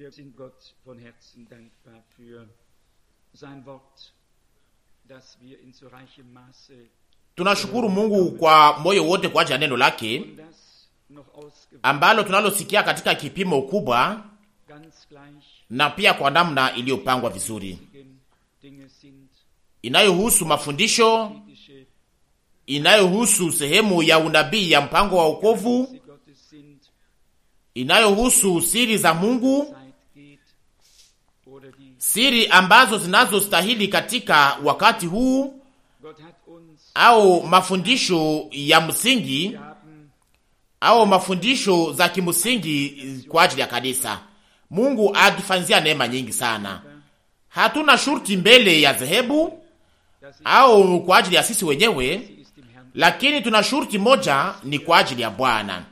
Wir sind Gott von Herzen dankbar für sein Wort, das wir in so reichem Maße Tunashukuru äh, Mungu kwa moyo wote kwa ajili ya neno lake ambalo tunalosikia katika kipimo kubwa na pia kwa namna iliyopangwa vizuri inayohusu mafundisho inayohusu sehemu ya unabii ya mpango wa wokovu inayohusu siri za Mungu siri ambazo zinazostahili katika wakati huu au mafundisho ya msingi au mafundisho za kimsingi kwa ajili ya kanisa. Mungu atufanyizia neema nyingi sana. Hatuna shurti mbele ya dhehebu au kwa ajili ya sisi wenyewe, lakini tuna shurti moja, ni kwa ajili ya Bwana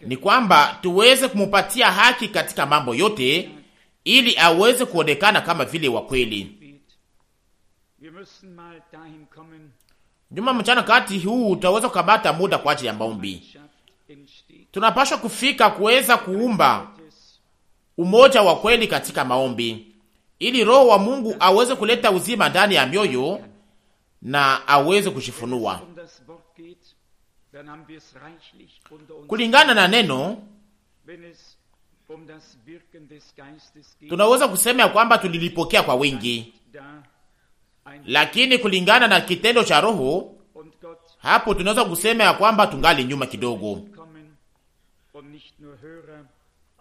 ni kwamba tuweze kumupatia haki katika mambo yote, ili aweze kuonekana kama vile wa kweli. nyuma mchana kati huu utaweza kukamata muda kwa ajili ya maombi. Tunapashwa kufika kuweza kuumba umoja wa kweli katika maombi, ili Roho wa Mungu aweze kuleta uzima ndani ya mioyo na aweze kushifunua um Kulingana na neno um tunaweza kusema ya kwamba tulilipokea kwa wingi, lakini kulingana na kitendo cha Roho hapo tunaweza kusema ya kwamba tungali nyuma kidogo,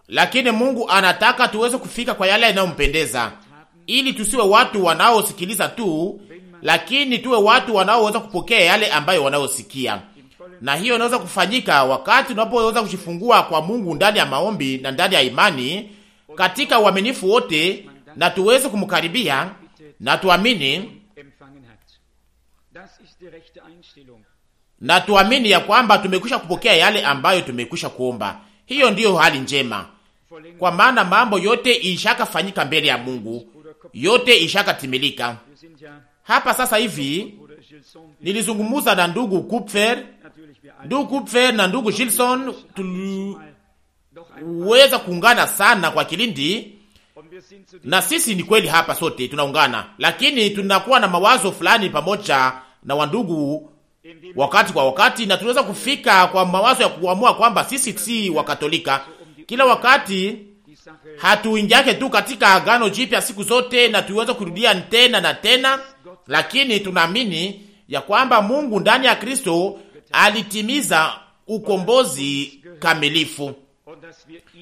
lakini Mungu anataka tuweze kufika kwa yale yanayompendeza, ili tusiwe watu wanaosikiliza tu, lakini tuwe watu wanaoweza kupokea yale ambayo wanayosikia na hiyo inaweza kufanyika wakati unapoweza kujifungua kwa Mungu ndani ya maombi na ndani ya imani katika uaminifu wote, na tuweze kumkaribia na tuamini na tuamini ya kwamba tumekwisha kupokea yale ambayo tumekwisha kuomba. Hiyo ndiyo hali njema, kwa maana mambo yote ishakafanyika mbele ya Mungu, yote ishakatimilika hapa sasa hivi. Nilizungumza na ndugu Kupfer Ndugu Kupfer na ndugu Gilson tuliweza kuungana sana kwa kilindi, na sisi ni kweli hapa sote tunaungana, lakini tunakuwa na mawazo fulani pamoja na wandugu wakati kwa wakati, na tunaweza kufika kwa mawazo ya kuamua kwamba sisi si Wakatolika kila wakati hatuingiake tu katika agano jipya siku zote, na tuweze kurudia tena na tena, lakini tunaamini ya kwamba Mungu ndani ya Kristo alitimiza ukombozi kamilifu,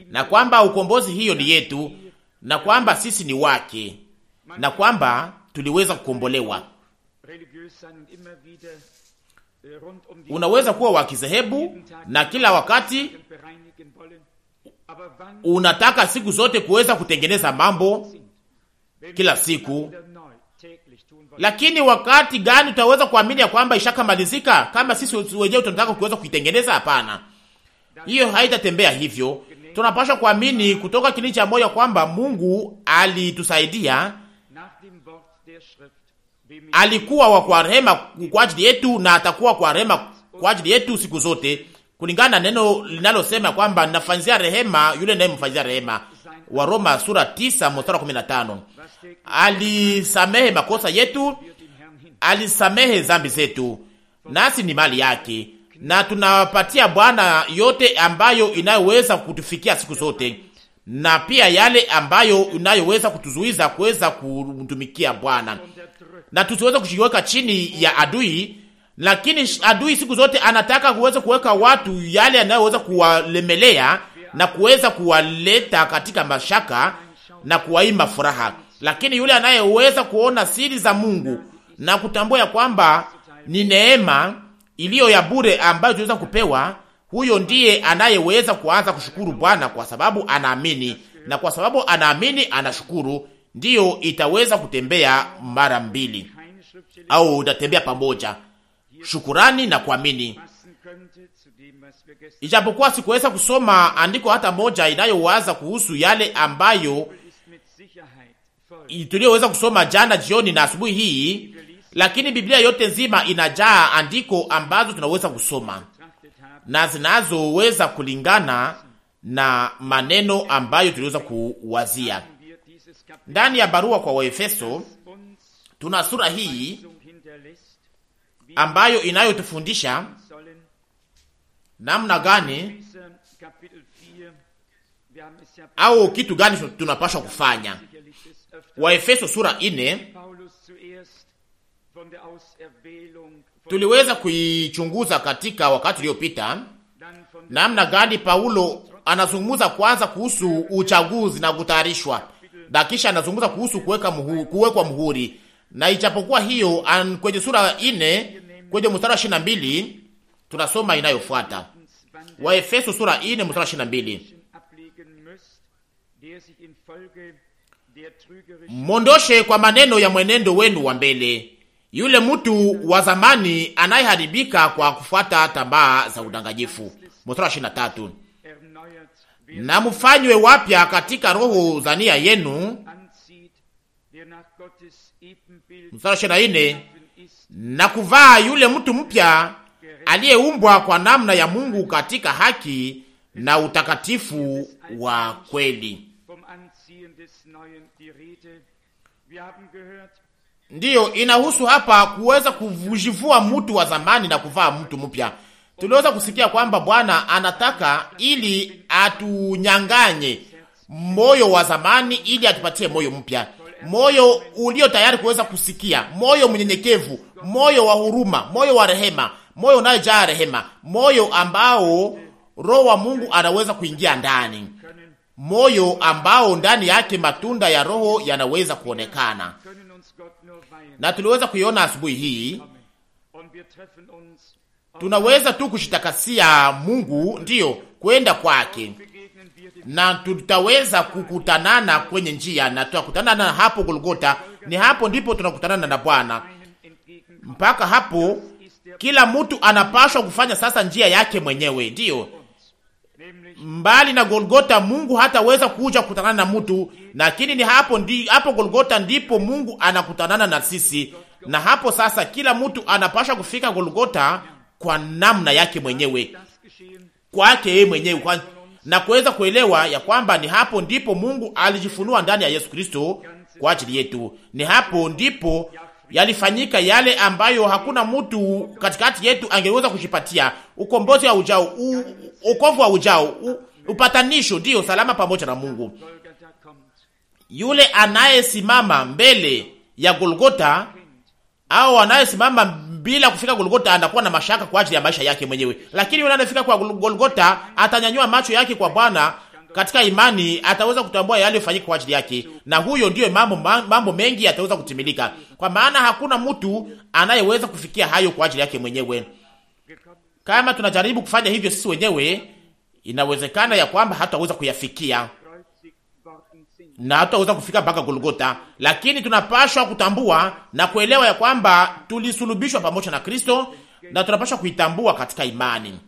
na kwamba ukombozi hiyo ni yetu, na kwamba sisi ni wake, na kwamba tuliweza kukombolewa. Unaweza kuwa wa kizehebu na kila wakati unataka siku zote kuweza kutengeneza mambo kila siku lakini wakati gani utaweza kuamini ya kwamba ishakamalizika kama sisi wenyewe tunataka kuweza kuitengeneza? Hapana, hiyo haitatembea hivyo. Tunapaswa kuamini kutoka kilindi cha moyo kwamba Mungu alitusaidia, alikuwa wa kwa rehema kwa ajili yetu na atakuwa kwa rehema kwa ajili yetu siku zote, kulingana na neno linalosema kwamba nafanyia rehema yule ninayemfanyia rehema, Waroma sura 9 mstari 15 alisamehe makosa yetu, alisamehe zambi zetu, nasi ni mali yake, na tunapatia Bwana yote ambayo inayoweza kutufikia siku zote, na pia yale ambayo inayoweza kutuzuiza kuweza kumtumikia Bwana, na tusiweze kuiweka chini ya adui. Lakini adui siku zote anataka kuweza kuweka watu yale anayoweza kuwalemelea na kuweza kuwaleta katika mashaka na kuwaima furaha lakini yule anayeweza kuona siri za Mungu na kutambua ya kwamba ni neema iliyo ya bure ambayo tunaweza kupewa, huyo ndiye anayeweza kuanza kushukuru Bwana kwa sababu anaamini, na kwa sababu anaamini anashukuru. Ndiyo itaweza kutembea mara mbili au utatembea pamoja, shukurani na kuamini. Ijapokuwa sikuweza kusoma andiko hata moja inayowaza kuhusu yale ambayo tulioweza kusoma jana jioni na asubuhi hii, lakini Biblia yote nzima inajaa andiko ambazo tunaweza kusoma na zinazoweza kulingana na maneno ambayo tuliweza kuwazia ndani ya barua kwa Waefeso. Tuna sura hii ambayo inayotufundisha namna gani au kitu gani tunapaswa kufanya Waefeso sura ine tuliweza kuichunguza katika wakati uliopita, namna gani Paulo anazungumza kwanza kuhusu uchaguzi na kutayarishwa, na kisha anazungumza kuhusu kuweka muhu, kuwekwa muhuri. Na ijapokuwa hiyo an, kwenye sura ine kwenye mstari wa ishirini na mbili tunasoma inayofuata Waefeso sura ine mstari wa ishirini na mbili Mondoshe kwa maneno ya mwenendo wenu wa mbele yule mtu wa zamani anayeharibika kwa kufuata tambaa za udanganyifu. Mstari wa ishirini na tatu, na mfanywe wapya katika roho za nia yenu. Mstari wa ishirini na nne, na kuvaa yule mtu mpya aliyeumbwa kwa namna ya Mungu katika haki na utakatifu wa kweli. Ndiyo inahusu hapa kuweza kujivua mtu wa zamani na kuvaa mtu mpya. Tuliweza kusikia kwamba Bwana anataka ili atunyanganye moyo wa zamani ili atupatie moyo mpya, moyo ulio tayari kuweza kusikia, moyo mnyenyekevu, moyo wa huruma, moyo wa rehema, moyo unayojaa rehema, moyo ambao Roho wa Mungu anaweza kuingia ndani moyo ambao ndani yake matunda ya Roho yanaweza kuonekana, na tuliweza kuiona asubuhi hii. Tunaweza tu kushitakasia Mungu, ndiyo kwenda kwake, na tutaweza kukutanana kwenye njia, na tutakutanana hapo Golgota. Ni hapo ndipo tunakutanana na Bwana. Mpaka hapo kila mtu anapashwa kufanya sasa njia yake mwenyewe, ndiyo Mbali na Golgota Mungu hataweza kuja kukutanana na mtu, lakini ni hapo ndi, hapo Golgota ndipo Mungu anakutanana na sisi, na hapo sasa kila mtu anapasha kufika Golgota kwa namna yake mwenyewe kwake yeye mwenyewe kwa, na kuweza kuelewa ya kwamba ni hapo ndipo Mungu alijifunua ndani ya Yesu Kristo kwa ajili yetu. Ni hapo ndipo yalifanyika yale ambayo hakuna mtu katikati yetu angeweza kushipatia: ukombozi wa ujao, ukovu wa ujao, upatanisho, ndiyo salama pamoja na Mungu. Yule anayesimama mbele ya Golgota au anayesimama bila kufika Golgota anakuwa na mashaka kwa ajili ya maisha yake mwenyewe, lakini yule anayefika kwa Golgota atanyanyua macho yake kwa Bwana katika imani ataweza kutambua yofanyika kwa ajili yake, na huyo ndiyo mambo, mambo mengi ataweza kutimilika, kwa maana hakuna mtu anayeweza kufikia hayo kwa ajili yake mwenyewe. Kama tunajaribu kufanya hivyo sisi wenyewe, inawezekana ya kwamba hatutaweza kuyafikia na hatutaweza kufika mpaka Golgota, lakini tunapashwa kutambua na kuelewa ya kwamba tulisulubishwa pamoja na Kristo na tunapashwa kuitambua katika imani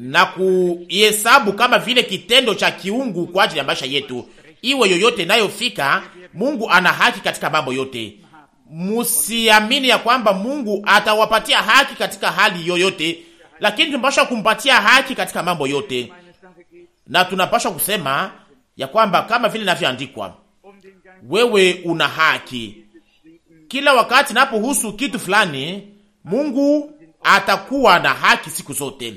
na kuhesabu kama vile kitendo cha kiungu kwa ajili ya maisha yetu, iwe yoyote inayofika. Mungu ana haki katika mambo yote. Musiamini ya kwamba Mungu atawapatia haki katika hali yoyote, lakini tunapaswa kumpatia haki katika mambo yote, na tunapaswa kusema ya kwamba kama vile inavyoandikwa, wewe una haki. Kila wakati napohusu kitu fulani, Mungu atakuwa na haki siku zote.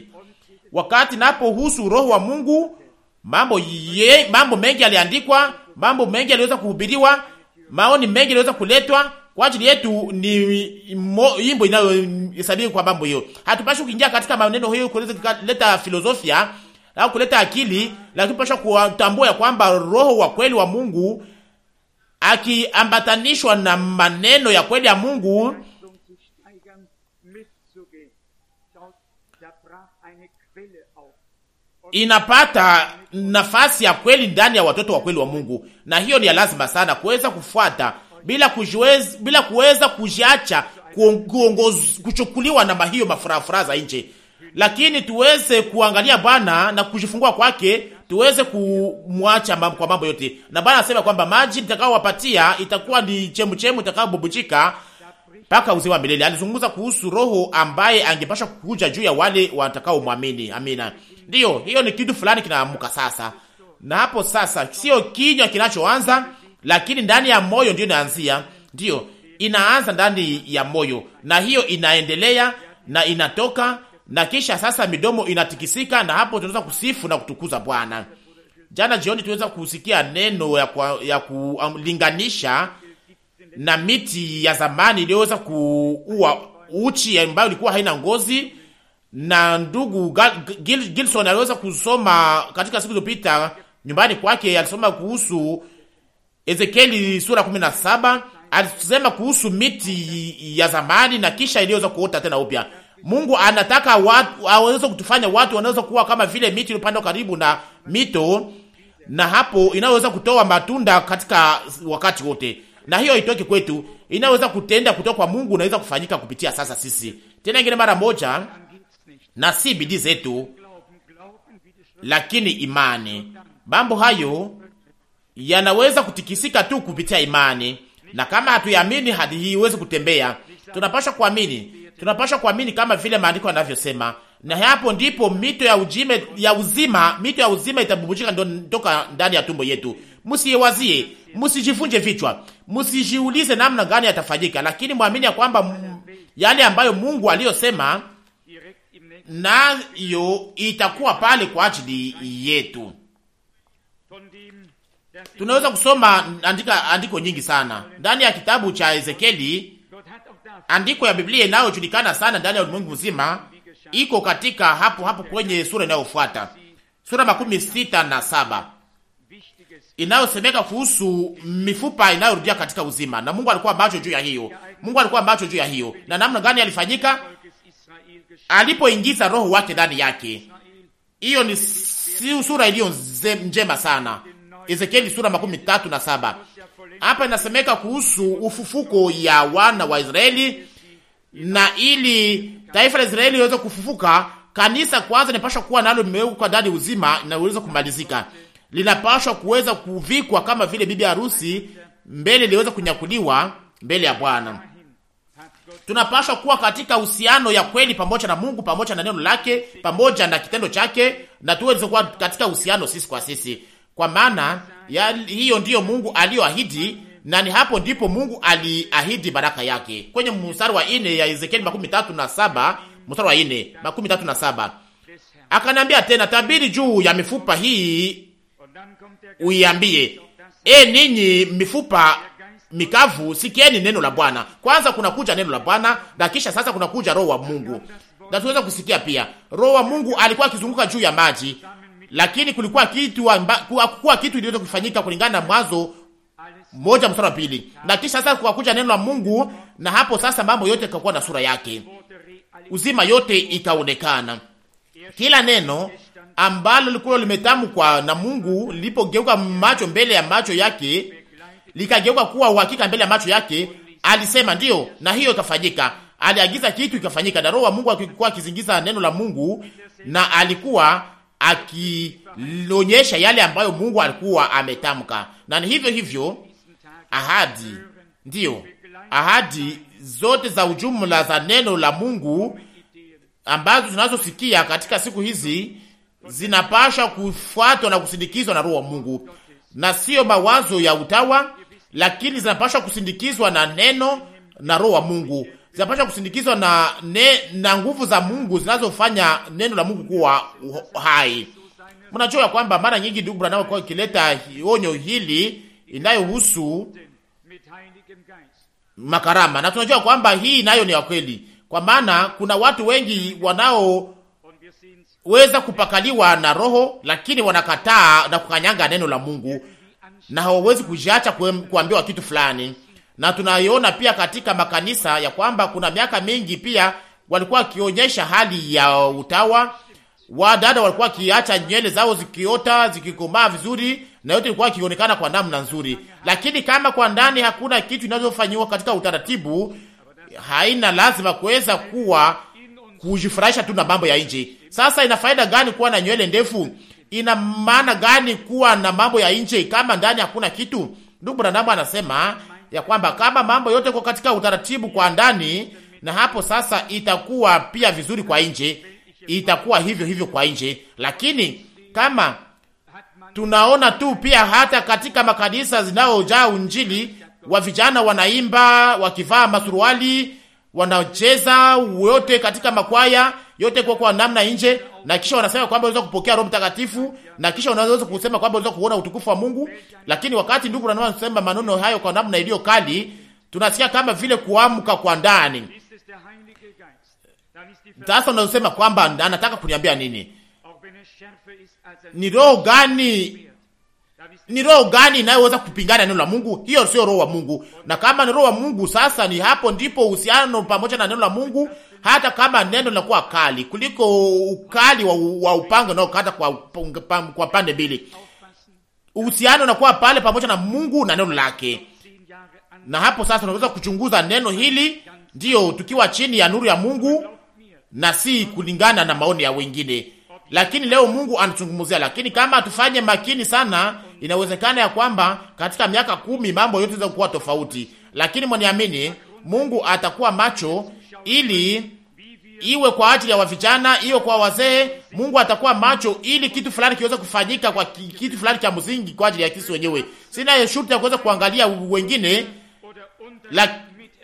Wakati napohusu roho wa Mungu, mambo ye, mambo mengi aliandikwa, mambo mengi aliweza kuhubiriwa, maoni mengi aliweza kuletwa kwa ajili yetu. Ni imbo yimbo inayohesabiwa kwa mambo hiyo. Hatupashi kuingia katika maneno hiyo kuweza kuleta filosofia au kuleta akili, lakini pasha kutambua ya kwamba roho wa kweli wa Mungu akiambatanishwa na maneno ya kweli ya Mungu inapata nafasi ya kweli ndani ya watoto wa kweli wa Mungu, na hiyo ni ya lazima sana kuweza kufuata bila kujiweza, bila kuweza kujiacha kuchukuliwa na hiyo mafurafura za nje, lakini tuweze kuangalia Bwana na kujifungua kwake, tuweze kumwacha mambo kwa mambo yote. Na Bwana anasema kwamba maji nitakayowapatia itakuwa ni chemu chemu itakayobubujika mpaka uzima wa milele. Alizungumza kuhusu roho ambaye angepasha kukuja juu ya wale watakao muamini. Amina. Ndiyo, hiyo ni kitu fulani kinaamuka sasa, na hapo sasa sio kinywa kinachoanza, lakini ndani ya moyo ndio inaanzia. Ndiyo, inaanza ndani ya moyo, na hiyo inaendelea na inatoka, na kisha sasa midomo inatikisika, na hapo tunaweza kusifu na kutukuza Bwana. Jana jioni tuweza kusikia neno ya, kwa, ya kulinganisha na miti ya zamani iliyoweza kuua uchi ambayo ilikuwa haina ngozi na ndugu Gilson aliweza kusoma katika siku zilizopita nyumbani kwake, alisoma kuhusu Ezekieli sura 17, Alisema kuhusu miti ya zamani na kisha iliweza kuota tena upya. Mungu anataka watu aweze kutufanya watu wanaweza kuwa kama vile miti iliyopandwa karibu na mito na hapo inaweza kutoa matunda katika wakati wote, na hiyo itoke kwetu, inaweza kutenda kutoka kwa Mungu, naweza kufanyika kupitia sasa sisi. Tena ingine mara moja na si bidii zetu, lakini imani. Mambo hayo yanaweza kutikisika tu kupitia imani, na kama hatuamini, hadi hii iweze kutembea. Tunapasha kuamini, tunapasha kuamini kama vile maandiko yanavyosema, na hapo ndipo mito ya ujime, ya uzima, mito ya uzima itabubujika toka ndani ya tumbo yetu. Msiwazie, msijifunje vichwa, msijiulize namna gani yatafanyika, lakini mwamini ya kwamba yale ambayo Mungu aliyosema nayo itakuwa pale kwa ajili yetu. Tunaweza kusoma andika andiko nyingi sana ndani ya kitabu cha Ezekieli. Andiko ya Biblia inayojulikana sana ndani ya ulimwengu mzima iko katika hapo hapo kwenye sura inayofuata, sura makumi sita na saba inayosemeka kuhusu mifupa inayorudia katika uzima, na Mungu alikuwa macho juu ya hiyo. Mungu alikuwa macho juu ya hiyo, na namna gani alifanyika alipoingiza roho wake ndani yake. Hiyo ni si sura iliyo njema sana. Ezekieli sura makumi tatu na saba. Hapa inasemeka kuhusu ufufuko ya wana wa Israeli, na ili taifa la Israeli iweze kufufuka, kanisa kwanza linapaswa kuwa nalo limewekwa ndani uzima na uweze kumalizika, linapaswa kuweza kuvikwa kama vile bibi harusi mbele liweze kunyakuliwa mbele ya Bwana tunapaswa kuwa katika uhusiano ya kweli pamoja na Mungu, pamoja na neno lake, pamoja na kitendo chake, na tuweze kuwa katika uhusiano sisi kwa sisi, kwa maana hiyo ndiyo Mungu aliyoahidi, na ni hapo ndipo Mungu aliahidi baraka yake kwenye mstari wa ine ya Ezekieli makumi tatu na saba mstari wa ine makumi tatu na saba akaniambia tena, tabiri juu ya mifupa hii uiambie, e ninyi mifupa mikavu, sikieni neno la Bwana. Kwanza kunakuja neno la Bwana na kisha sasa kunakuja roho wa Mungu, na tuweza kusikia pia roho wa Mungu alikuwa akizunguka juu ya maji, lakini kulikuwa kitu kulikuwa kitu iliweza kufanyika kulingana na Mwanzo moja mstari wa pili. Na kisha sasa kukakuja neno la Mungu, na hapo sasa mambo yote yakakuwa na sura yake, uzima yote ikaonekana. Kila neno ambalo lilikuwa limetamkwa na Mungu lilipogeuka macho mbele ya macho yake likageuka kuwa uhakika mbele ya macho yake. Alisema ndiyo, na hiyo ikafanyika. Aliagiza kitu ikafanyika, na roho wa Mungu akikuwa akizingiza neno la Mungu, na alikuwa akionyesha yale ambayo Mungu alikuwa ametamka, na ni hivyo hivyo ahadi, ndiyo ahadi zote za ujumla za neno la Mungu ambazo tunazosikia katika siku hizi zinapasha kufuatwa na kusindikizwa na roho wa Mungu na sio mawazo ya utawa lakini zinapaswa kusindikizwa na neno na roho wa Mungu, zinapaswa kusindikizwa na, ne, na nguvu za Mungu zinazofanya neno la Mungu kuwa hai. Mnajua kwamba mara nyingi ndugu Branham kwa kileta onyo hili inayohusu makarama, na tunajua kwamba hii nayo ni ya kweli, kwa maana kuna watu wengi wanao weza kupakaliwa na roho lakini wanakataa na kukanyanga neno la Mungu na hawawezi kujiacha kuambiwa kitu fulani. Na tunaiona pia katika makanisa ya kwamba kuna miaka mingi pia walikuwa wakionyesha hali ya utawa. dada, walikuwa wakiacha nywele zao zikiota zikikomaa vizuri, na yote ilikuwa ikionekana kwa namna nzuri, lakini kama kwa ndani hakuna kitu inazofanywa katika utaratibu, haina lazima kuweza kuwa kujifurahisha tu na mambo ya nje. Sasa ina faida gani kuwa na nywele ndefu ina maana gani kuwa na mambo ya nje kama ndani hakuna kitu? Ndugu Branham anasema ya kwamba kama mambo yote kwa katika utaratibu kwa ndani, na hapo sasa itakuwa pia vizuri kwa nje, itakuwa hivyo hivyo kwa nje. Lakini kama tunaona tu pia hata katika makanisa zinayojaa unjili wa vijana wanaimba wakivaa masuruali, wanacheza wote katika makwaya yote kwa kwa namna nje, na kisha wanasema kwamba unaweza kupokea Roho Mtakatifu, na kisha unaweza kusema kwamba unaweza kuona utukufu wa Mungu. Lakini wakati ndugu na wanasema maneno hayo kwa namna iliyo kali, tunasikia kama vile kuamka kwa ndani. Sasa unasema kwamba anataka kuniambia nini? Ni roho gani ni roho gani inayoweza kupingana neno la Mungu? Hiyo sio roho wa Mungu. Na kama ni roho wa Mungu, sasa ni hapo ndipo uhusiano pamoja na neno la Mungu, hata kama neno linakuwa kali kuliko ukali wa, wa upanga unaokata kwa, kwa pande mbili, uhusiano unakuwa pale pamoja na Mungu na neno lake. Na hapo sasa tunaweza kuchunguza neno hili, ndiyo tukiwa chini ya nuru ya Mungu na si kulingana na maoni ya wengine. Lakini leo Mungu anatuzungumzia, lakini kama tufanye makini sana Inawezekana ya kwamba katika miaka kumi mambo yote yanaweza kuwa tofauti, lakini mwaniamini, Mungu atakuwa macho ili iwe kwa ajili ya wavijana, iwe kwa wazee. Mungu atakuwa macho ili kitu fulani kiweze kufanyika kwa kitu fulani cha msingi kwa ajili ya sisi wenyewe. Sina shurti ya kuweza kuangalia wengine la,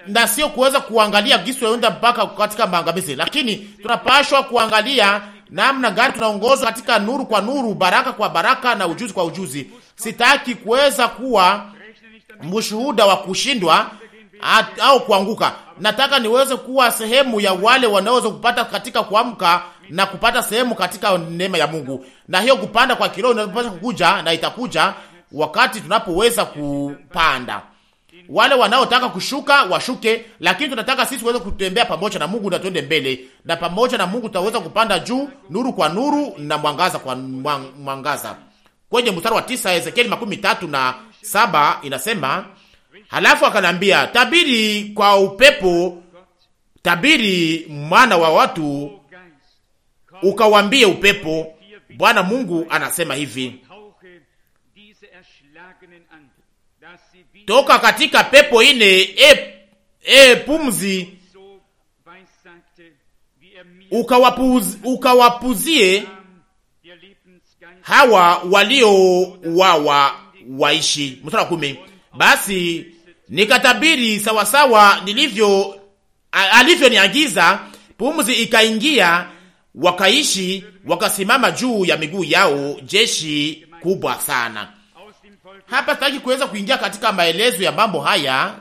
na sio kuweza kuangalia gisu yaenda mpaka katika maangamizi, lakini tunapashwa kuangalia namna gani tunaongozwa katika nuru kwa nuru, baraka kwa baraka, na ujuzi kwa ujuzi, Sitaki kuweza kuwa mshuhuda wa kushindwa au kuanguka. Nataka niweze kuwa sehemu ya wale wanaoweza kupata katika kuamka na kupata sehemu katika neema ya Mungu, na hiyo kupanda kwa kiroho inapaswa kukuja na itakuja wakati tunapoweza kupanda. Wale wanaotaka kushuka washuke, lakini tunataka sisi tuweze kutembea pamoja na Mungu na tuende mbele, na pamoja na Mungu tutaweza kupanda juu, nuru kwa nuru na mwangaza kwa mwangaza kwenye mstari wa tisa Ezekieli makumi tatu na saba inasema, halafu akanambia, tabiri kwa upepo, tabiri mwana wa watu, ukawambie upepo, Bwana Mungu anasema hivi, toka katika pepo ine, e, e pumzi, ukawapuzie hawa waliowawa waishi. Mstari wa kumi, basi nikatabiri sawasawa nilivyo alivyoniagiza, pumzi ikaingia, wakaishi, wakasimama juu ya miguu yao, jeshi kubwa sana. Hapa sitaki kuweza kuingia katika maelezo ya mambo haya,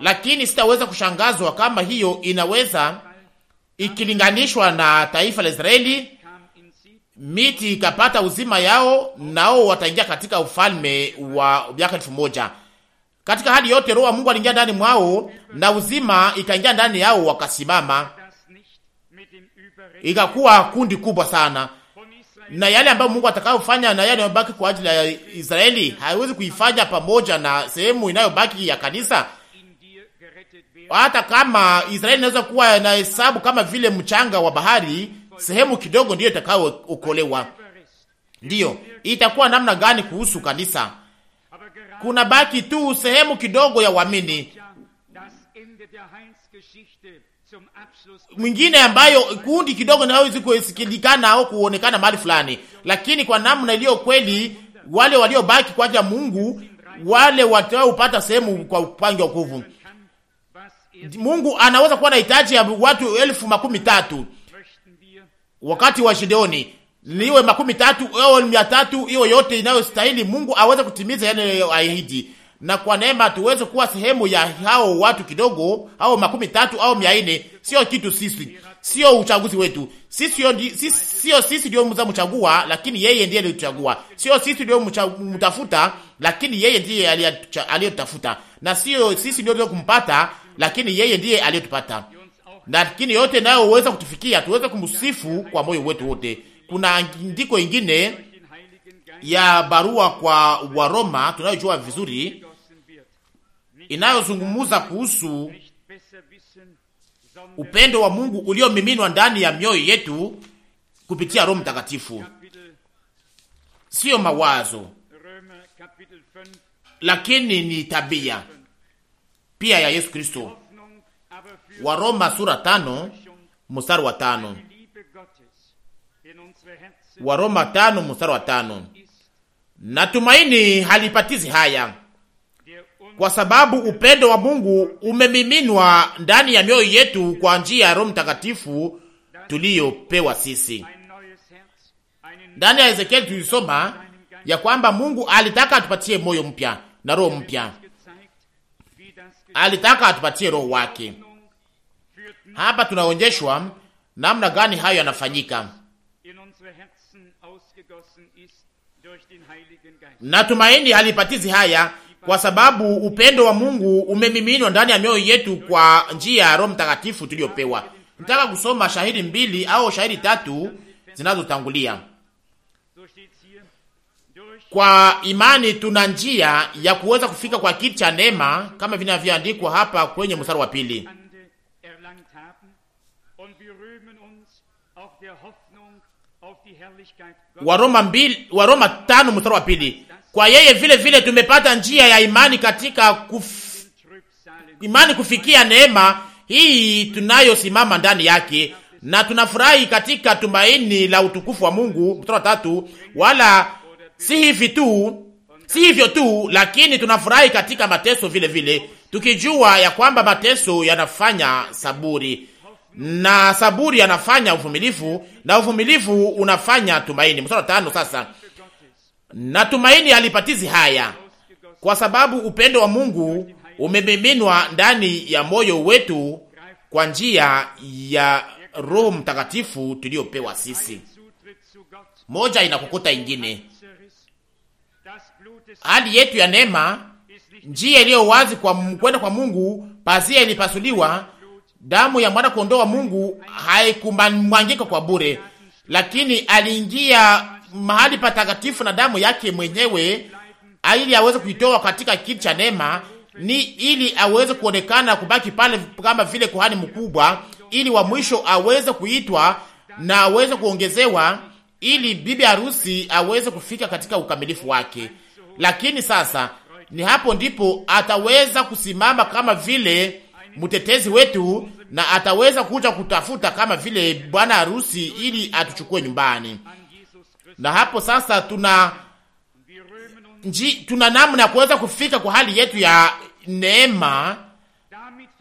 lakini sitaweza kushangazwa kama hiyo inaweza ikilinganishwa na taifa la Israeli miti ikapata uzima yao, nao wataingia katika ufalme wa miaka elfu moja. Katika hali yote, roho wa Mungu aliingia ndani mwao na uzima ikaingia ndani yao, wakasimama, ikakuwa kundi kubwa sana. Na yale ambayo Mungu atakayofanya na yale yanayobaki kwa ajili ya Israeli haiwezi kuifanya pamoja na sehemu inayobaki ya kanisa, hata kama Israeli inaweza kuwa na hesabu kama vile mchanga wa bahari sehemu kidogo ndiyo itakayookolewa. Ndiyo, itakuwa namna gani kuhusu kanisa? Kuna baki tu sehemu kidogo ya waamini mwingine ambayo kundi kidogo nawezi kusikilikana au kuonekana mahali fulani, lakini kwa namna iliyo kweli, wale waliobaki kwa ajili ya Mungu, wale wataupata sehemu kwa upangi wa nguvu. Mungu anaweza kuwa na hitaji ya watu elfu makumi tatu wakati wa Gideoni, liwe makumi tatu au mia tatu, hiyo yote inayostahili Mungu aweze kutimiza yale ahidi, na kwa neema tuweze kuwa sehemu ya hao watu kidogo, hao makumi tatu au mia nne. Sio kitu sisi, sio uchaguzi wetu sisi, sio sisi ndio mzamchagua, lakini yeye ndiye aliyochagua. Sio sisi ndio mtafuta, lakini yeye ndiye aliyotafuta, na sio sisi ndio kumpata, lakini yeye ndiye aliyotupata lakini yote nayo uweza kutufikia, tuweze kumsifu kwa moyo wetu wote. Kuna andiko ingine ya barua kwa Waroma tunayojua vizuri inayozungumza kuhusu upendo wa Mungu uliomiminwa ndani ya mioyo yetu kupitia Roho Mtakatifu, siyo mawazo, lakini ni tabia pia ya Yesu Kristo wa Roma sura tano mstari wa tano. Wa Roma tano mstari wa tano. Natumaini halipatizi haya, kwa sababu upendo wa Mungu umemiminwa ndani ya mioyo yetu kwa njia ya Roho Mtakatifu tuliyopewa sisi. Ndani ya Ezekieli tulisoma ya kwamba Mungu alitaka atupatie moyo mpya na roho mpya, alitaka atupatie roho wake hapa tunaonyeshwa namna gani hayo yanafanyika. Natumaini halipatizi haya kwa sababu upendo wa Mungu umemiminwa ndani ya mioyo yetu kwa njia ya Roho Mtakatifu tuliyopewa. Nataka kusoma shahidi mbili au shahidi tatu zinazotangulia. Kwa imani tuna njia ya kuweza kufika kwa kiti cha neema kama vinavyoandikwa hapa kwenye mstari wa pili. Waroma mbili, Waroma tano mstari wa pili. Kwa yeye vile vile tumepata njia ya imani katika kuf, imani kufikia neema hii tunayosimama ndani yake na tunafurahi katika tumaini la utukufu wa Mungu. Mstari wa tatu, wala si hivi tu, si hivyo tu, lakini tunafurahi katika mateso vile vile, tukijua ya kwamba mateso yanafanya saburi na saburi anafanya uvumilivu na uvumilivu unafanya tumaini. Mstari tano sasa, na tumaini alipatizi haya, kwa sababu upendo wa Mungu umemiminwa ndani ya moyo wetu kwa njia ya Roho Mtakatifu tuliyopewa sisi. Moja inakukuta ingine, hali yetu ya neema, njia iliyo wazi kwa kwenda kwa Mungu, pazia ilipasuliwa Damu ya mwana kondoo wa Mungu haikumwangika kwa bure, lakini aliingia mahali patakatifu na damu yake mwenyewe ili aweze kuitoa katika kiti cha neema, ni ili aweze kuonekana kubaki pale kama vile kuhani mkubwa, ili wa mwisho aweze kuitwa na aweze kuongezewa, ili bibi harusi aweze kufika katika ukamilifu wake. Lakini sasa ni hapo ndipo ataweza kusimama kama vile mtetezi wetu, na ataweza kuja kutafuta kama vile bwana harusi, ili atuchukue nyumbani. Na hapo sasa tuna nji, tuna namna ya kuweza kufika kwa hali yetu ya neema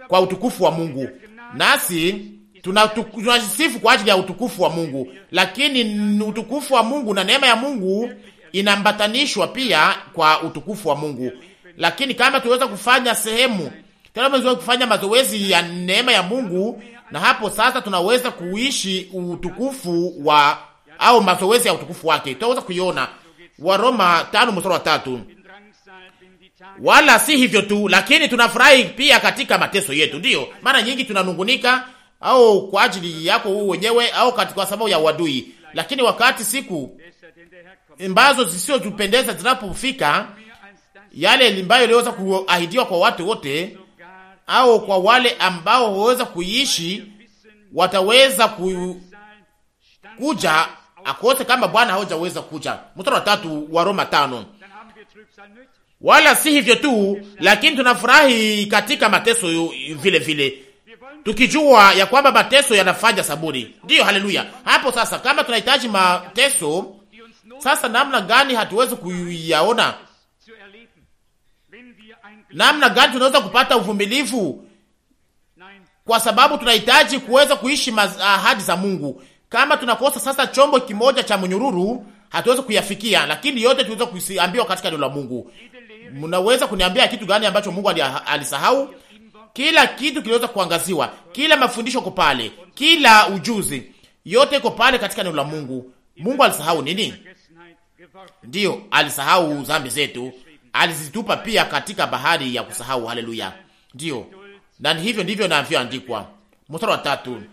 kwa utukufu wa Mungu, nasi tunasifu kwa ajili ya utukufu wa Mungu, lakini utukufu wa Mungu na neema ya Mungu inambatanishwa pia kwa utukufu wa Mungu. Lakini kama tuweza kufanya sehemu tena tunaweza kufanya mazoezi ya neema ya Mungu, na hapo sasa tunaweza kuishi utukufu wa au mazoezi ya utukufu wake. Tunaweza kuiona Waroma 5 mstari wa 3. Wala si hivyo tu, lakini tunafurahi pia katika mateso yetu. Ndiyo mara nyingi tunanungunika au kwa ajili yako wewe wenyewe au kwa sababu ya wadui lakini wakati siku ambazo zisizotupendeza zinapofika, yale ambayo iliweza kuahidiwa kwa watu wote au kwa wale ambao huweza kuishi wataweza ku, kuja akose kama Bwana hawajaweza kuja. Mstari wa tatu wa Roma tano. Wala si hivyo tu, lakini tunafurahi katika mateso vile vile, tukijua ya kwamba mateso yanafanya saburi. Ndiyo, haleluya. Hapo sasa, kama tunahitaji mateso sasa, namna gani hatuwezi kuyaona namna gani tunaweza kupata uvumilivu, kwa sababu tunahitaji kuweza kuishi ah, ahadi za Mungu. Kama tunakosa sasa chombo kimoja cha mnyururu, hatuwezi kuyafikia, lakini yote tunaweza kuambiwa katika neno la Mungu. Mnaweza kuniambia kitu gani ambacho Mungu alisahau? Kila kitu kiliweza kuangaziwa, kila mafundisho ko pale, kila ujuzi, yote iko pale katika neno la Mungu. Mungu alisahau nini? Ndiyo, alisahau dhambi zetu alizitupa pia katika bahari ya kusahau. Haleluya! ndio na hivyo ndivyo navyoandikwa. Mstari wa tatu,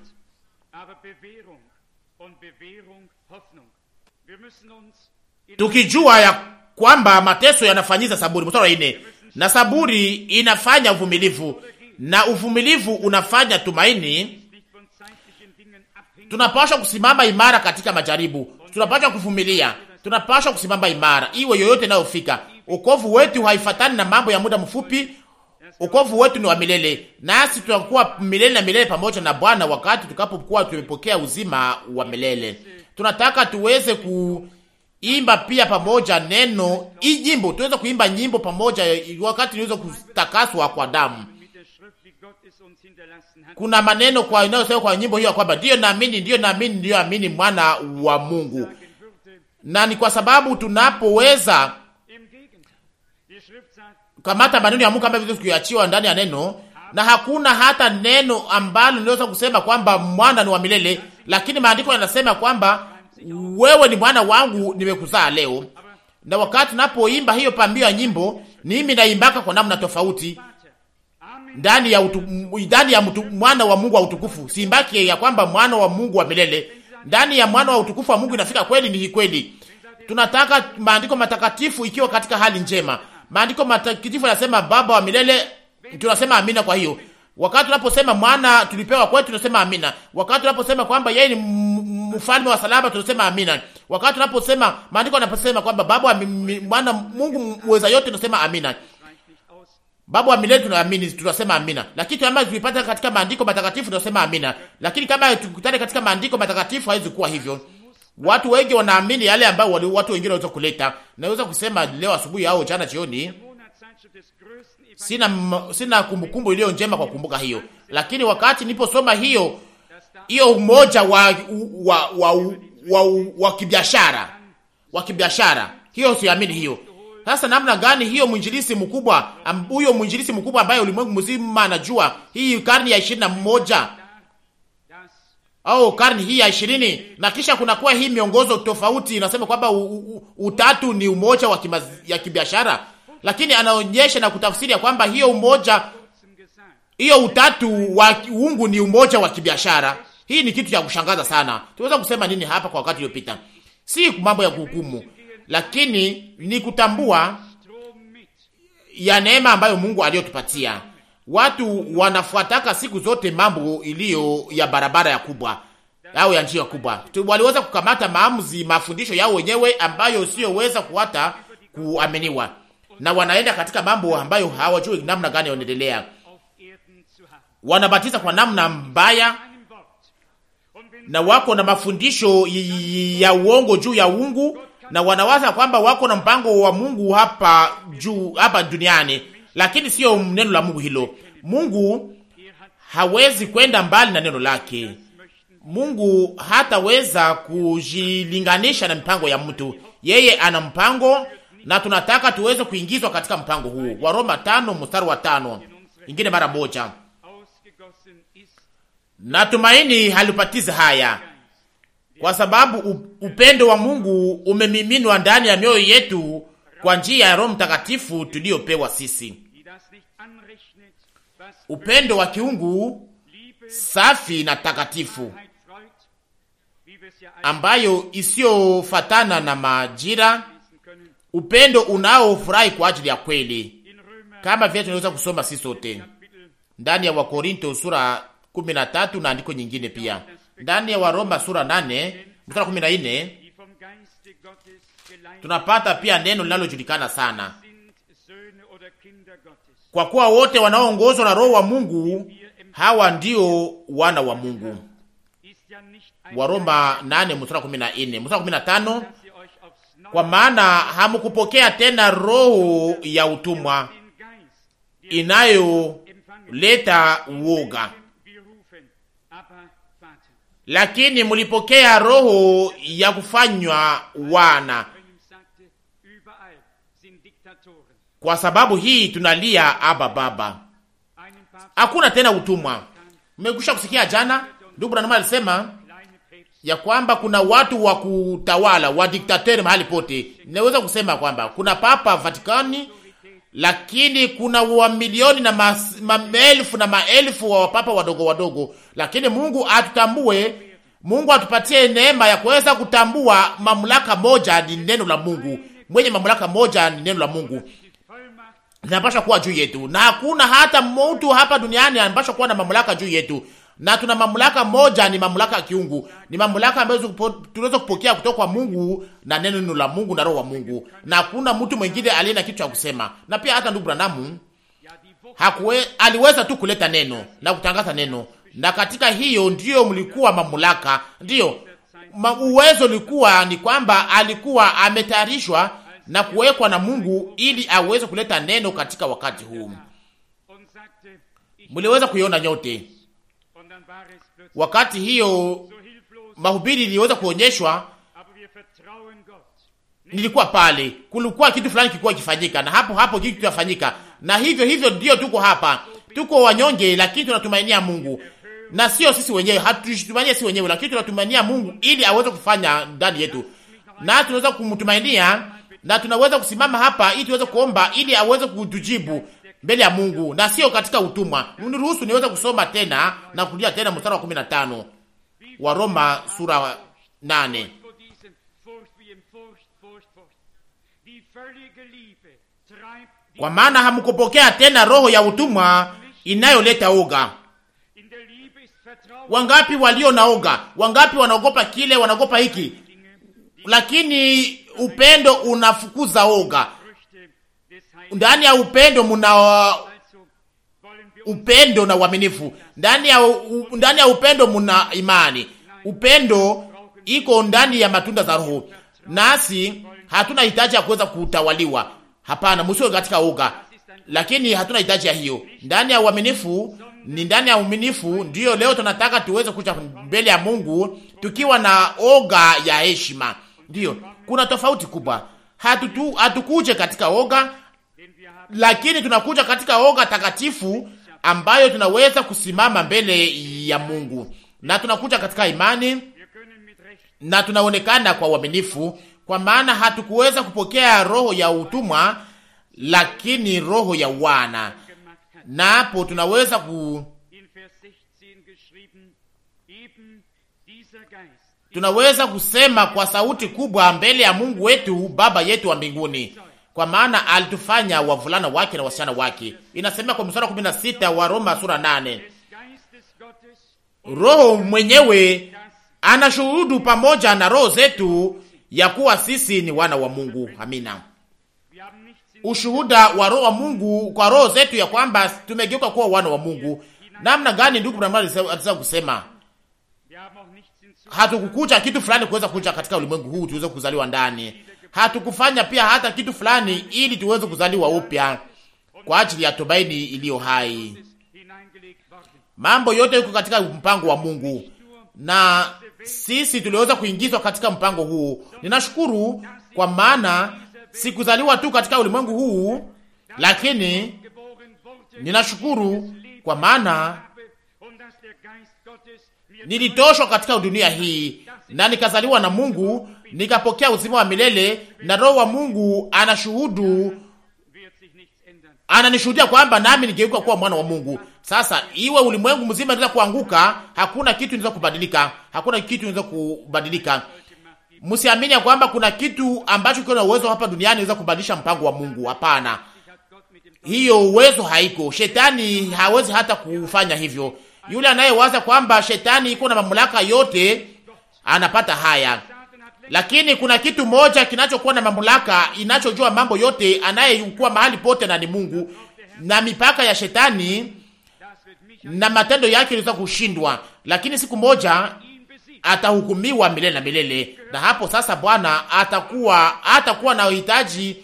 tukijua ya kwamba mateso yanafanyiza saburi. Mstari wa ine, na saburi inafanya uvumilivu na uvumilivu unafanya tumaini. tunapashwa kusimama imara katika majaribu, tunapashwa kuvumilia, tunapashwa kusimama imara, iwe yoyote inayofika Ukovu wetu haifatani na mambo ya muda mfupi. Ukovu wetu ni wa milele, nasi tunakuwa milele na milele pamoja na Bwana wakati tukapokuwa tumepokea uzima wa milele. Tunataka tuweze kuimba pia pamoja neno hii nyimbo, tuweze kuimba nyimbo pamoja wakati niweza kutakaswa kwa damu. Kuna maneno kwa inayosema kwa nyimbo hiyo kwamba ndiyo naamini, ndiyo naamini, ndiyo amini mwana wa Mungu, na ni kwa sababu tunapoweza kamata maneno ya Mungu ambayo vitu kuyachiwa ndani ya neno, na hakuna hata neno ambalo linaweza kusema kwamba mwana ni wa milele, lakini maandiko yanasema kwamba wewe ni mwana wangu, nimekuzaa leo. Na wakati napoimba hiyo pambio ya nyimbo, mimi naimbaka kwa namna tofauti ndani ya utu, ndani ya mtu, mwana wa Mungu wa utukufu. Siimbaki ya kwamba mwana wa Mungu wa milele, ndani ya mwana wa utukufu wa Mungu inafika kweli. Ni kweli tunataka maandiko matakatifu ikiwa katika hali njema Maandiko matakatifu yanasema Baba wa milele, tunasema amina. Kwa hiyo wakati tunaposema mwana tulipewa kwetu, tunasema amina. Wakati tunaposema kwamba yeye ni mfalme wa salama, tunasema amina. Wakati tunaposema maandiko yanaposema kwamba baba wa mwana Mungu mweza yote, tunasema amina. Baba wa milele tunaamini, tunasema amina. Lakini kama tulipata katika maandiko matakatifu tunasema amina. Lakini kama tukutane katika maandiko matakatifu haiwezi kuwa hivyo. Watu wengi wanaamini yale ambayo watu wengine waweza kuleta. Naweza kusema leo asubuhi au jana jioni, sina sina kumbukumbu iliyo njema kwa kumbuka hiyo, lakini wakati niliposoma hiyo hiyo umoja wa wa wa, wa, wa kibiashara wa kibiashara hiyo, siamini hiyo. Sasa namna gani hiyo mwinjilisi mkubwa huyo mwinjilisi mkubwa ambaye ulimwengu mzima anajua hii karne ya ishirini na moja au karne hii ya ishirini, na kisha kunakuwa hii miongozo tofauti inasema kwamba utatu ni umoja wa ya kibiashara, lakini anaonyesha na kutafsiri ya kwamba hiyo umoja hiyo utatu wa uungu ni umoja wa kibiashara. Hii ni kitu cha kushangaza sana. Tunaweza kusema nini hapa kwa wakati uliopita? Si mambo ya kuhukumu, lakini ni kutambua ya neema ambayo Mungu aliyotupatia Watu wanafuataka siku zote mambo iliyo ya barabara ya kubwa au ya njia kubwa. Waliweza kukamata maamuzi, mafundisho yao wenyewe ambayo siyoweza kuwata kuaminiwa, na wanaenda katika mambo ambayo hawajui namna gani yanaendelea. Wanabatiza kwa namna mbaya na wako na mafundisho ya uongo juu ya uungu, na wanawaza kwamba wako na mpango wa Mungu hapa juu hapa duniani lakini siyo neno la Mungu hilo. Mungu hawezi kwenda mbali na neno lake. Mungu hataweza kujilinganisha na mipango ya mtu. Yeye ana mpango na tunataka tuweze kuingizwa katika mpango huu. Waroma tano mstari wa tano ingine mara moja, natumaini halipatizi haya, kwa sababu upendo wa Mungu umemiminwa ndani ya mioyo yetu kwa njia ya Roho Mtakatifu tuliyopewa sisi. Upendo wa kiungu safi na takatifu ambayo isiyofatana na majira, upendo unaofurahi kwa ajili ya kweli, kama vile tunaweza kusoma sisi sote ndani ya Wakorinto sura 13 na andiko nyingine pia ndani ya Waroma sura 8 mstari 14 tunapata pia neno linalojulikana sana, kwa kuwa wote wanaoongozwa na Roho wa Mungu hawa ndio wana wa Mungu. Waroma 8 mstari 14 mstari 15, kwa maana hamukupokea tena roho ya utumwa inayoleta uoga, lakini mulipokea roho ya kufanywa wana, Kwa sababu hii tunalia Aba Baba. Hakuna tena utumwa. Mmekwisha kusikia jana ndugu Branham alisema ya kwamba kuna watu wa kutawala wa diktateri mahali pote. Naweza kusema kwamba kuna papa Vatikani, lakini kuna wamilioni na maelfu na maelfu wa wapapa wadogo wadogo, lakini Mungu atutambue. Mungu atupatie neema ya kuweza kutambua mamlaka moja ni neno la Mungu, mwenye mamlaka moja ni neno la Mungu zinapasha kuwa juu yetu, na hakuna hata mtu hapa duniani anapasha kuwa na mamlaka juu yetu. Na tuna mamlaka moja, ni mamlaka ya kiungu, ni mamlaka ambayo tunaweza kupokea kutoka kwa Mungu na neno la Mungu na roho wa Mungu, na hakuna mtu mwingine aliye na kitu cha kusema. Na pia hata ndugu Branham hakuwe aliweza tu kuleta neno na kutangaza neno, na katika hiyo ndiyo mlikuwa mamlaka, ndiyo uwezo ulikuwa ni kwamba alikuwa ametayarishwa na kuwekwa na Mungu ili aweze kuleta neno katika wakati huu. Mliweza kuiona nyote wakati hiyo mahubiri iliweza kuonyeshwa, nilikuwa pale, kulikuwa kitu fulani kilikuwa kifanyika, na hapo hapo kitu kitafanyika, na hivyo hivyo ndio tuko hapa. Tuko wanyonge, lakini tunatumainia Mungu na sio sisi wenyewe, hatutumainia sisi wenyewe, lakini tunatumainia Mungu ili aweze kufanya ndani yetu, na tunaweza kumtumainia na tunaweza kusimama hapa ili tuweze kuomba ili aweze kutujibu mbele ya Mungu na sio katika utumwa. Niruhusu niweze kusoma tena na kurudia tena mstari wa 15 wa Roma sura 8. Kwa maana hamkupokea tena roho ya utumwa inayoleta oga. Wangapi walio na oga? Wangapi wanaogopa kile, wanaogopa hiki? Lakini upendo unafukuza oga. Ndani ya upendo muna upendo na uaminifu, ndani ya ndani ya upendo muna imani. Upendo iko ndani ya matunda za Roho, nasi hatuna hitaji ya kuweza kutawaliwa. Hapana, msio katika oga, lakini hatuna hitaji ya hiyo. Ndani ya uaminifu ni ndani ya uaminifu ndiyo leo tunataka tuweze kucha mbele ya Mungu tukiwa na oga ya heshima, ndiyo kuna tofauti kubwa. Hatutu, hatukuje katika oga, lakini tunakuja katika oga takatifu ambayo tunaweza kusimama mbele ya Mungu, na tunakuja katika imani na tunaonekana kwa uaminifu, kwa maana hatukuweza kupokea roho ya utumwa, lakini roho ya wana, na hapo tunaweza ku tunaweza kusema kwa sauti kubwa mbele ya Mungu wetu, Baba yetu wa mbinguni, kwa maana alitufanya wavulana wake na wasichana wake. Inasema kwa mstari wa 16 wa Roma sura 8, Roho mwenyewe anashuhudu pamoja na roho zetu ya kuwa sisi ni wana wa Mungu. Amina. Ushuhuda wa roho wa Mungu kwa roho zetu ya kwamba tumegeuka kuwa wana wa Mungu. Namna gani ndugu Branham alisema kusema hatukukucha kitu fulani kuweza kuja katika ulimwengu huu tuweze kuzaliwa ndani. Hatukufanya pia hata kitu fulani ili tuweze kuzaliwa upya kwa ajili ya tobaini iliyo hai. Mambo yote yuko katika mpango wa Mungu na sisi tuliweza kuingizwa katika mpango huu. Ninashukuru kwa maana sikuzaliwa tu katika ulimwengu huu, lakini ninashukuru kwa maana nilitoshwa katika dunia hii na nikazaliwa na Mungu, nikapokea uzima wa milele, na Roho wa Mungu anashuhudu, ananishuhudia kwamba nami nigeuka kuwa mwana wa Mungu. Sasa iwe ulimwengu mzima inaweza kuanguka, hakuna kitu inaweza kubadilika, hakuna kitu inaweza kubadilika. Msiamini kwamba kuna kitu ambacho kiko na uwezo hapa duniani inaweza kubadilisha mpango wa Mungu. Hapana, hiyo uwezo haiko. Shetani hawezi hata kufanya hivyo. Yule anayewaza kwamba shetani iko na mamlaka yote anapata haya, lakini kuna kitu moja kinachokuwa na mamlaka, inachojua mambo yote, anayekuwa mahali pote na ni Mungu, na mipaka ya shetani na matendo yake yanaweza kushindwa, lakini siku moja atahukumiwa milele na milele, na hapo sasa Bwana atakuwa atakuwa na uhitaji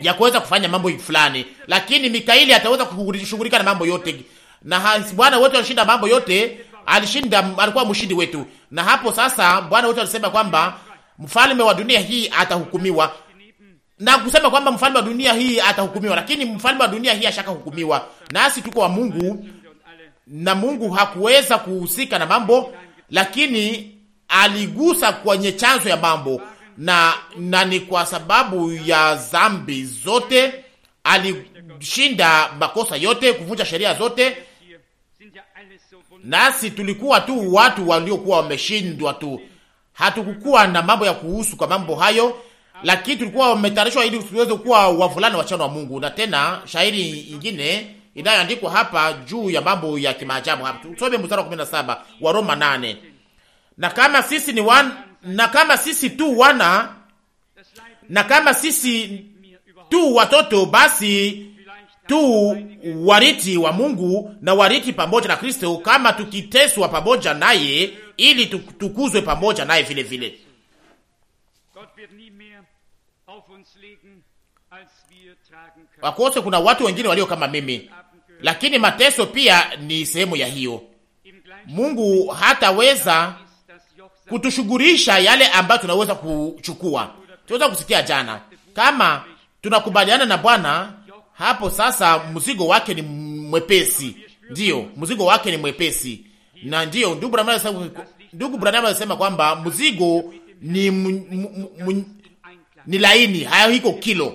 ya kuweza kufanya mambo fulani, lakini Mikaeli ataweza kushughulika na mambo yote na Bwana wetu alishinda mambo yote, alishinda, alikuwa mshindi wetu. Na hapo sasa Bwana wetu alisema kwamba mfalme wa dunia hii atahukumiwa na kusema kwamba mfalme wa dunia hii atahukumiwa, lakini mfalme wa dunia hii ashaka hukumiwa. nasi tuko wa Mungu na Mungu hakuweza kuhusika na mambo, lakini aligusa kwenye chanzo ya mambo, na na ni kwa sababu ya zambi zote alishinda makosa yote, kuvunja sheria zote nasi tulikuwa tu watu waliokuwa wameshindwa tu, hatukukuwa na mambo ya kuhusu kwa mambo hayo, lakini tulikuwa wametarishwa ili tuweze kuwa wavulana wasichana wa Mungu. Na tena shairi ingine inayoandikwa hapa juu ya mambo ya kimaajabu hapa, tusome mstari wa saba wa Roma 8, na kama sisi ni wan, na kama sisi tu wana, na kama sisi tu watoto basi tu wariti wa Mungu na wariti pamoja na Kristo, kama tukiteswa pamoja naye ili tukuzwe pamoja naye vile vile. Wakose kuna watu wengine walio kama mimi, lakini mateso pia ni sehemu ya hiyo. Mungu hataweza kutushughulisha yale ambayo tunaweza kuchukua. Tunaweza kusikia jana, kama tunakubaliana na Bwana hapo sasa mzigo wake ni mwepesi, ndio mzigo wake ni mwepesi, na ndio ndugu Branham anasema kwamba mzigo ni ni laini, haiko kilo.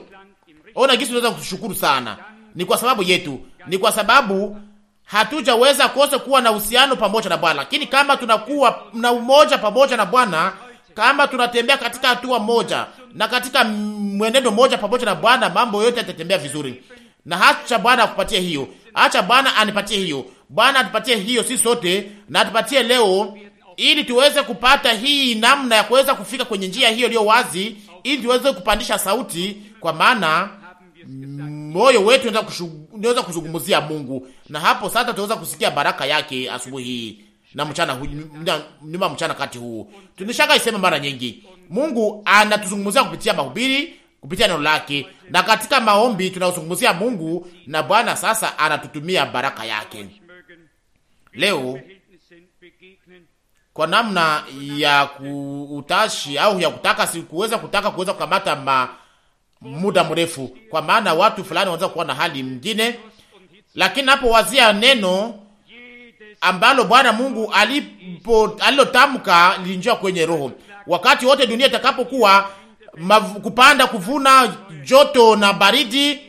Ona gisi tunaweza kushukuru sana, ni kwa sababu yetu, ni kwa sababu hatujaweza kose kuwa na uhusiano pamoja na Bwana, lakini kama tunakuwa na umoja pamoja na Bwana, kama tunatembea katika hatua moja na katika mwenendo moja pamoja na Bwana mambo yote yatatembea vizuri. Na hacha Bwana akupatie hiyo, acha Bwana anipatie hiyo, Bwana atupatie hiyo sisi sote, na atupatie leo, ili tuweze kupata hii namna ya kuweza kufika kwenye njia hiyo iliyo wazi, ili tuweze kupandisha sauti, kwa maana moyo wetu unaweza kuzungumzia Mungu, na hapo sasa tutaweza kusikia baraka yake asubuhi hii na mchana hu, nyuma mchana kati huu. Tunishaka isema mara nyingi, Mungu anatuzungumzia kupitia mahubiri, kupitia neno lake, na katika maombi tunazungumzia Mungu, na Bwana sasa anatutumia baraka yake leo kwa namna ya kuutashi au ya kutaka si kuweza kutaka kuweza kukamata ma muda mrefu, kwa maana watu fulani wanaweza kuwa na hali mwingine, lakini hapo wazia neno ambalo Bwana Mungu alipo alilotamka lilinjia kwenye roho. Wakati wote dunia itakapokuwa kupanda, kuvuna, joto na baridi,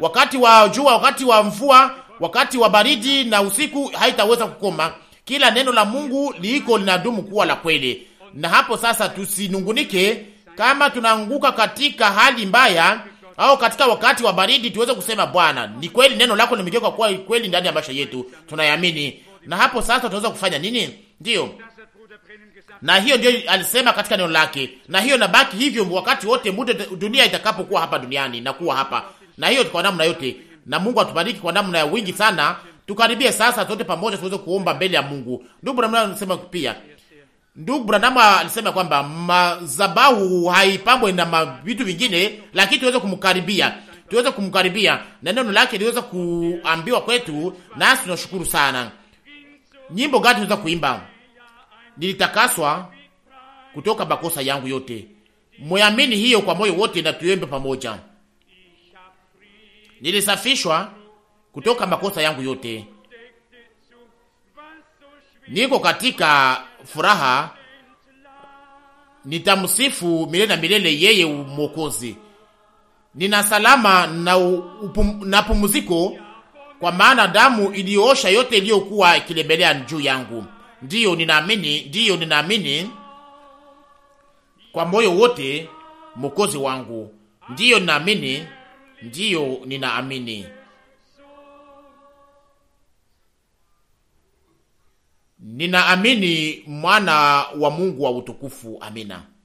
wakati wa jua, wakati wa mvua, wakati wa baridi na usiku, haitaweza kukoma. Kila neno la Mungu liiko linadumu kuwa la kweli. Na hapo sasa, tusinungunike kama tunaanguka katika hali mbaya au katika wakati wa baridi, tuweze kusema Bwana, ni kweli neno lako limegeuka kuwa kweli ndani ya maisha yetu, tunayamini na hapo sasa tunaweza kufanya nini? Ndiyo, na hiyo ndio alisema katika neno lake, na hiyo nabaki hivyo wakati wote muda dunia itakapokuwa hapa duniani na kuwa hapa, na hiyo kwa namna yote. Na Mungu atubariki kwa namna ya wingi sana. Tukaribie sasa sote pamoja tuweze kuomba mbele ya Mungu. Ndugu Branham anasema pia, ndugu Branham alisema kwamba mazabahu haipambwe na vitu vingine, lakini tuweze kumkaribia, tuweze kumkaribia na neno lake liweze kuambiwa kwetu, nasi tunashukuru sana. Nyimbo gani tunaweza kuimba? Nilitakaswa kutoka makosa yangu yote. Moyamini hiyo kwa moyo wote, na tuimbe pamoja. Nilisafishwa kutoka makosa yangu yote, niko katika furaha, nitamsifu milele na milele yeye Mwokozi. Nina salama na, upum, na kwa maana damu iliyoosha yote iliyokuwa ikilembelea juu yangu. Ndiyo ninaamini, ndiyo ninaamini kwa moyo wote Mwokozi wangu, ndiyo ninaamini, ndiyo ninaamini. Ninaamini mwana wa Mungu wa utukufu. Amina.